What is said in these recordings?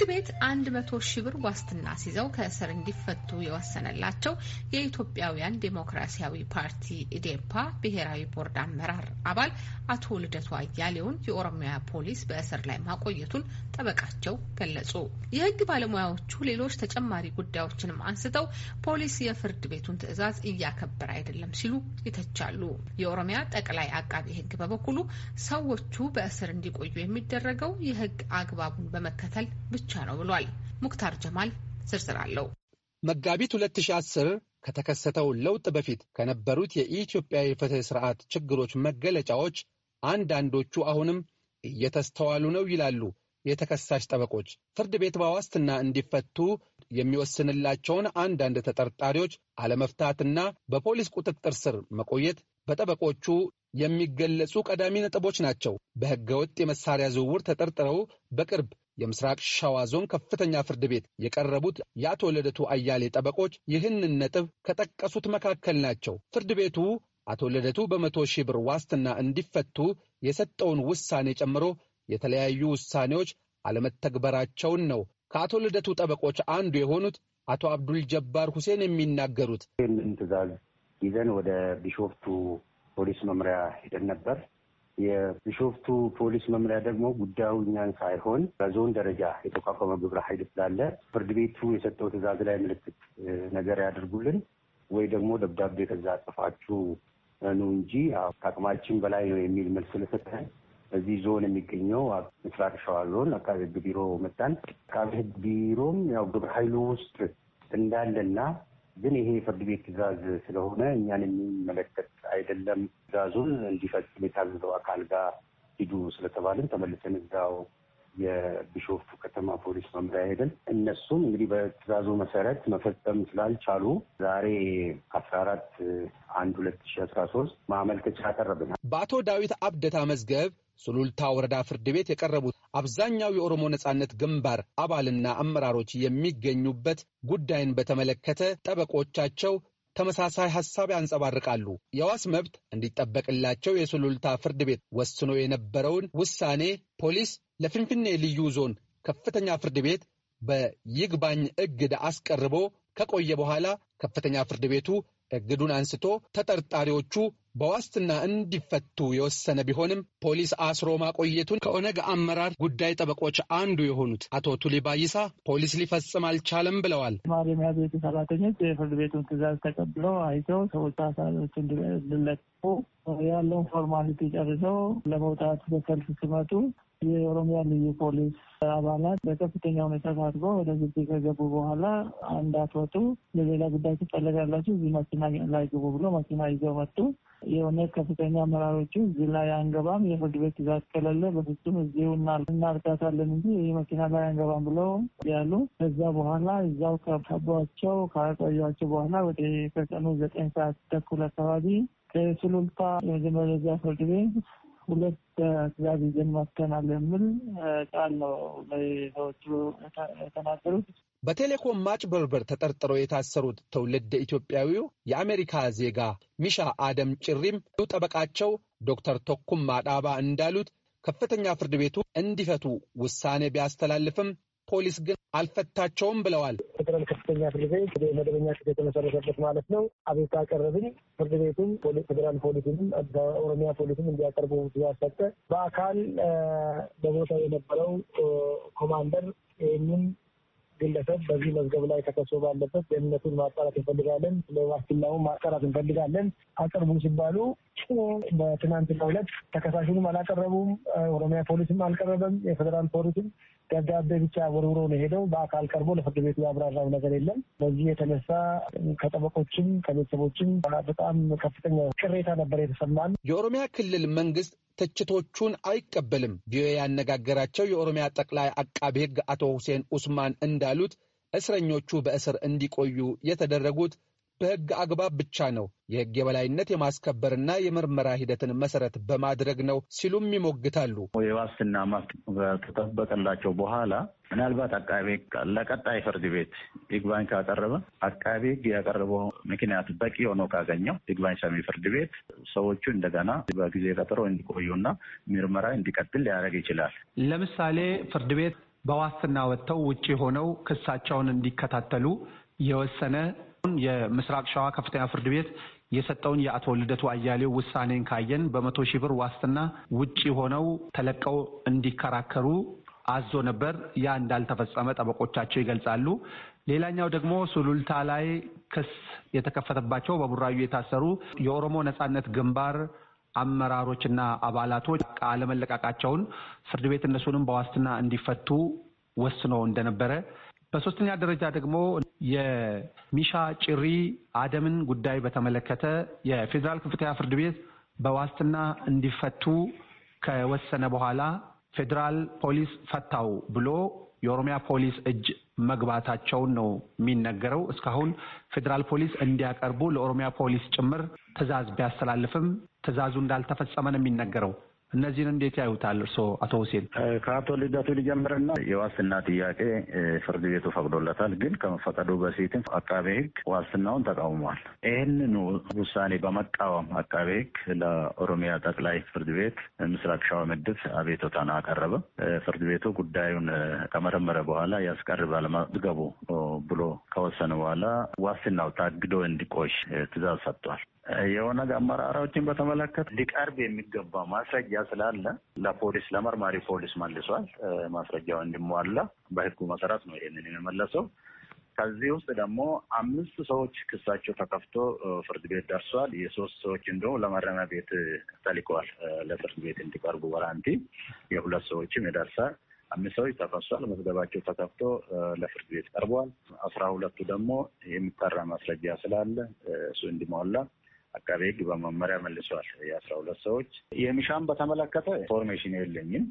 ፍርድ ቤት አንድ መቶ ሺህ ብር ዋስትና ሲዘው ከእስር እንዲፈቱ የወሰነላቸው የኢትዮጵያውያን ዴሞክራሲያዊ ፓርቲ ኢዴፓ ብሔራዊ ቦርድ አመራር አባል አቶ ልደቱ አያሌውን የኦሮሚያ ፖሊስ በእስር ላይ ማቆየቱን ጠበቃቸው ገለጹ። የሕግ ባለሙያዎቹ ሌሎች ተጨማሪ ጉዳዮችንም አንስተው ፖሊስ የፍርድ ቤቱን ትዕዛዝ እያከበረ አይደለም ሲሉ ይተቻሉ። የኦሮሚያ ጠቅላይ አቃቢ ሕግ በበኩሉ ሰዎቹ በእስር እንዲቆዩ የሚደረገው የሕግ አግባቡን በመከተል ብቻ ብቻ ነው ብሏል። ሙክታር ጀማል ዝርዝር አለው። መጋቢት 2010 ከተከሰተው ለውጥ በፊት ከነበሩት የኢትዮጵያ የፍትህ ስርዓት ችግሮች መገለጫዎች አንዳንዶቹ አሁንም እየተስተዋሉ ነው ይላሉ የተከሳሽ ጠበቆች። ፍርድ ቤት በዋስትና እንዲፈቱ የሚወስንላቸውን አንዳንድ ተጠርጣሪዎች አለመፍታትና በፖሊስ ቁጥጥር ስር መቆየት በጠበቆቹ የሚገለጹ ቀዳሚ ነጥቦች ናቸው። በሕገ ወጥ የመሳሪያ ዝውውር ተጠርጥረው በቅርብ የምስራቅ ሸዋ ዞን ከፍተኛ ፍርድ ቤት የቀረቡት የአቶ ልደቱ አያሌ ጠበቆች ይህንን ነጥብ ከጠቀሱት መካከል ናቸው። ፍርድ ቤቱ አቶ ልደቱ በመቶ ሺህ ብር ዋስትና እንዲፈቱ የሰጠውን ውሳኔ ጨምሮ የተለያዩ ውሳኔዎች አለመተግበራቸውን ነው ከአቶ ልደቱ ጠበቆች አንዱ የሆኑት አቶ አብዱል ጀባር ሁሴን የሚናገሩት። ይህንን ትዕዛዝ ይዘን ወደ ቢሾፍቱ ፖሊስ መምሪያ ሄደን ነበር። የቢሾፍቱ ፖሊስ መምሪያ ደግሞ ጉዳዩ እኛን ሳይሆን በዞን ደረጃ የተቋቋመ ግብረ ኃይል ስላለ ፍርድ ቤቱ የሰጠው ትዕዛዝ ላይ ምልክት ነገር ያደርጉልን ወይ ደግሞ ደብዳቤ ከዛ ጽፋችሁ ኑ እንጂ ከአቅማችን በላይ ነው የሚል መልስ ስለሰጠን እዚህ ዞን የሚገኘው ምስራቅ ሸዋ ዞን አካባቢ ህግ ቢሮ መጣን። አካባቢ ህግ ቢሮም ያው ግብረ ኃይሉ ውስጥ እንዳለና ግን ይሄ የፍርድ ቤት ትእዛዝ ስለሆነ እኛን የሚመለከት አይደለም። ትእዛዙን እንዲፈጽም የታዘዘው አካል ጋር ሂዱ ስለተባልን ተመልሰን እዛው የቢሾፍቱ ከተማ ፖሊስ መምሪያ ሄደን እነሱም እንግዲህ በትእዛዙ መሰረት መፈጸም ስላልቻሉ ዛሬ አስራ አራት አንድ ሁለት ሺ አስራ ሶስት ማመልከቻ አቀረብናል። በአቶ ዳዊት አብደታ መዝገብ ሱሉልታ ወረዳ ፍርድ ቤት የቀረቡት አብዛኛው የኦሮሞ ነጻነት ግንባር አባልና አመራሮች የሚገኙበት ጉዳይን በተመለከተ ጠበቆቻቸው ተመሳሳይ ሐሳብ ያንጸባርቃሉ። የዋስ መብት እንዲጠበቅላቸው የሱሉልታ ፍርድ ቤት ወስኖ የነበረውን ውሳኔ ፖሊስ ለፍንፍኔ ልዩ ዞን ከፍተኛ ፍርድ ቤት በይግባኝ እግድ አስቀርቦ ከቆየ በኋላ ከፍተኛ ፍርድ ቤቱ እግዱን አንስቶ ተጠርጣሪዎቹ በዋስትና እንዲፈቱ የወሰነ ቢሆንም ፖሊስ አስሮ ማቆየቱን ከኦነግ አመራር ጉዳይ ጠበቆች አንዱ የሆኑት አቶ ቱሊ ባይሳ ፖሊስ ሊፈጽም አልቻለም ብለዋል። ማረሚያ ቤቱ ሰራተኞች የፍርድ ቤቱን ትዕዛዝ ተቀብለው አይተው ሰዎች ታሳሪዎች እንዲለቀቁ ያለውን ፎርማሊቲ ጨርሰው ለመውጣት በሰልፍ ሲመጡ የኦሮሚያ ልዩ ፖሊስ አባላት በከፍተኛ ሁኔታ ታድጎ ወደ ግቢ ከገቡ በኋላ እንዳትወጡ ለሌላ ጉዳይ ትፈለጋላችሁ፣ እዚህ መኪና ላይ ግቡ ብሎ መኪና ይዘው መጡ። የሆነ ከፍተኛ አመራሮቹ እዚህ ላይ አንገባም፣ የፍርድ ቤት ትእዛዝ ከሌለ በፍጹም እዚሁ እናርጋታለን እንጂ ይህ መኪና ላይ አንገባም ብለው ያሉ። ከዛ በኋላ እዛው ከከቧቸው ካቆያቸው በኋላ ወደ ከቀኑ ዘጠኝ ሰዓት ተኩል አካባቢ ከሱሉልታ የመጀመሪያ ደረጃ ፍርድ ቤት ሁለት ትእዛዝ ይዘን መጥተናል የሚል ቃል ነው ሰዎቹ የተናገሩት። በቴሌኮም ማጭበርበር ተጠርጥረው የታሰሩት ትውልድ ኢትዮጵያዊው የአሜሪካ ዜጋ ሚሻ አደም ጭሪም ጠበቃቸው ዶክተር ቶኩም ማዳባ እንዳሉት ከፍተኛ ፍርድ ቤቱ እንዲፈቱ ውሳኔ ቢያስተላልፍም ፖሊስ ግን አልፈታቸውም ብለዋል። ፌደራል ከፍተኛ ፍርድ ቤት መደበኛ ክስ የተመሰረተበት ማለት ነው። አቤቱታ አቀረብን። ፍርድ ቤቱም ፌደራል ፖሊስንም ኦሮሚያ ፖሊስም እንዲያቀርቡ ትዕዛዝ ሰጠ። በአካል በቦታው የነበረው ኮማንደር ይህንን ግለሰብ በዚህ መዝገብ ላይ ተከሶ ባለበት ደህንነቱን ማጣራት እንፈልጋለን፣ ለዋስትናውን ማጣራት እንፈልጋለን አቅርቡ ሲባሉ በትናንትና ሁለት ተከሳሹንም አላቀረቡም፣ ኦሮሚያ ፖሊስም አልቀረበም፣ የፌደራል ፖሊስም ደብዳቤ ብቻ ወርውሮ ነው ሄደው በአካል ቀርቦ ለፍርድ ቤቱ ያብራራው ነገር የለም። በዚህ የተነሳ ከጠበቆችም ከቤተሰቦችም በጣም ከፍተኛ ቅሬታ ነበር የተሰማን። የኦሮሚያ ክልል መንግስት ትችቶቹን አይቀበልም። ቪኦኤ ያነጋገራቸው የኦሮሚያ ጠቅላይ አቃቤ ሕግ አቶ ሁሴን ኡስማን እንዳሉት እስረኞቹ በእስር እንዲቆዩ የተደረጉት በሕግ አግባብ ብቻ ነው የሕግ የበላይነት የማስከበርና የምርመራ ሂደትን መሰረት በማድረግ ነው ሲሉም ይሞግታሉ። የዋስትና መብት ከተጠበቀላቸው በኋላ ምናልባት አቃቤ ለቀጣይ ፍርድ ቤት ይግባኝ ካቀረበ አቃቤ ሕግ ያቀረበው ምክንያት በቂ ሆኖ ካገኘው ይግባኝ ሰሚ ፍርድ ቤት ሰዎቹ እንደገና በጊዜ ቀጠሮ እንዲቆዩና ምርመራ እንዲቀጥል ሊያደርግ ይችላል። ለምሳሌ ፍርድ ቤት በዋስትና ወጥተው ውጭ ሆነው ክሳቸውን እንዲከታተሉ የወሰነ የምስራቅ ሸዋ ከፍተኛ ፍርድ ቤት የሰጠውን የአቶ ልደቱ አያሌው ውሳኔን ካየን በመቶ ሺህ ብር ዋስትና ውጭ ሆነው ተለቀው እንዲከራከሩ አዞ ነበር። ያ እንዳልተፈጸመ ጠበቆቻቸው ይገልጻሉ። ሌላኛው ደግሞ ሱሉልታ ላይ ክስ የተከፈተባቸው በቡራዩ የታሰሩ የኦሮሞ ነጻነት ግንባር አመራሮችና አባላቶች አለመለቃቃቸውን ፍርድ ቤት እነሱንም በዋስትና እንዲፈቱ ወስኖ እንደነበረ በሶስተኛ ደረጃ ደግሞ የሚሻ ጭሪ አደምን ጉዳይ በተመለከተ የፌዴራል ከፍተኛ ፍርድ ቤት በዋስትና እንዲፈቱ ከወሰነ በኋላ ፌዴራል ፖሊስ ፈታው ብሎ የኦሮሚያ ፖሊስ እጅ መግባታቸውን ነው የሚነገረው። እስካሁን ፌዴራል ፖሊስ እንዲያቀርቡ ለኦሮሚያ ፖሊስ ጭምር ትዕዛዝ ቢያስተላልፍም ትእዛዙ እንዳልተፈጸመ ነው የሚነገረው። እነዚህን እንዴት ያዩታል እርስዎ አቶ ሁሴን? ከአቶ ልደቱ ሊጀምርና የዋስትና ጥያቄ ፍርድ ቤቱ ፈቅዶለታል። ግን ከመፈቀዱ በፊትም አቃቤ ሕግ ዋስትናውን ተቃውሟል። ይህንኑ ውሳኔ በመቃወም አቃቤ ሕግ ለኦሮሚያ ጠቅላይ ፍርድ ቤት ምስራቅ ሸዋ ምድብ አቤቶታን አቀረበ። ፍርድ ቤቱ ጉዳዩን ከመረመረ በኋላ ያስቀርባል መዝገቡ ብሎ ከወሰነ በኋላ ዋስትናው ታግዶ እንዲቆይ ትእዛዝ ሰጥቷል። የኦነግ አመራራዎችን በተመለከተ ሊቀርብ የሚገባ ማስረጃ ስላለ ለፖሊስ ለመርማሪ ፖሊስ መልሷል። ማስረጃው እንዲሟላ በህጉ መሰረት ነው ይህንን የመለሰው። ከዚህ ውስጥ ደግሞ አምስት ሰዎች ክሳቸው ተከፍቶ ፍርድ ቤት ደርሷል። የሶስት ሰዎች እንደውም ለማረሚያ ቤት ተልከዋል ለፍርድ ቤት እንዲቀርቡ ወራንቲ የሁለት ሰዎችም ይደርሳል። አምስት ሰዎች ተከሷል። መዝገባቸው ተከፍቶ ለፍርድ ቤት ቀርቧል። አስራ ሁለቱ ደግሞ የሚጠራ ማስረጃ ስላለ እሱ እንዲሟላ አቃቤ ሕግ በመመሪያ መልሰዋል። የአስራ ሁለት ሰዎች የሚሻም በተመለከተ ኢንፎርሜሽን የለኝም።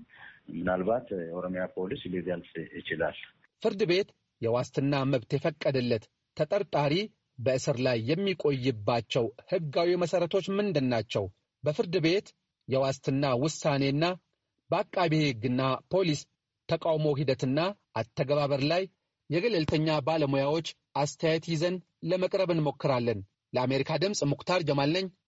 ምናልባት የኦሮሚያ ፖሊስ ሊገልጽ ይችላል። ፍርድ ቤት የዋስትና መብት የፈቀደለት ተጠርጣሪ በእስር ላይ የሚቆይባቸው ሕጋዊ መሠረቶች ምንድን ናቸው? በፍርድ ቤት የዋስትና ውሳኔና በአቃቤ ሕግና ፖሊስ ተቃውሞ ሂደትና አተገባበር ላይ የገለልተኛ ባለሙያዎች አስተያየት ይዘን ለመቅረብ እንሞክራለን። ለአሜሪካ ድምፅ ሙክታር ጀማል ነኝ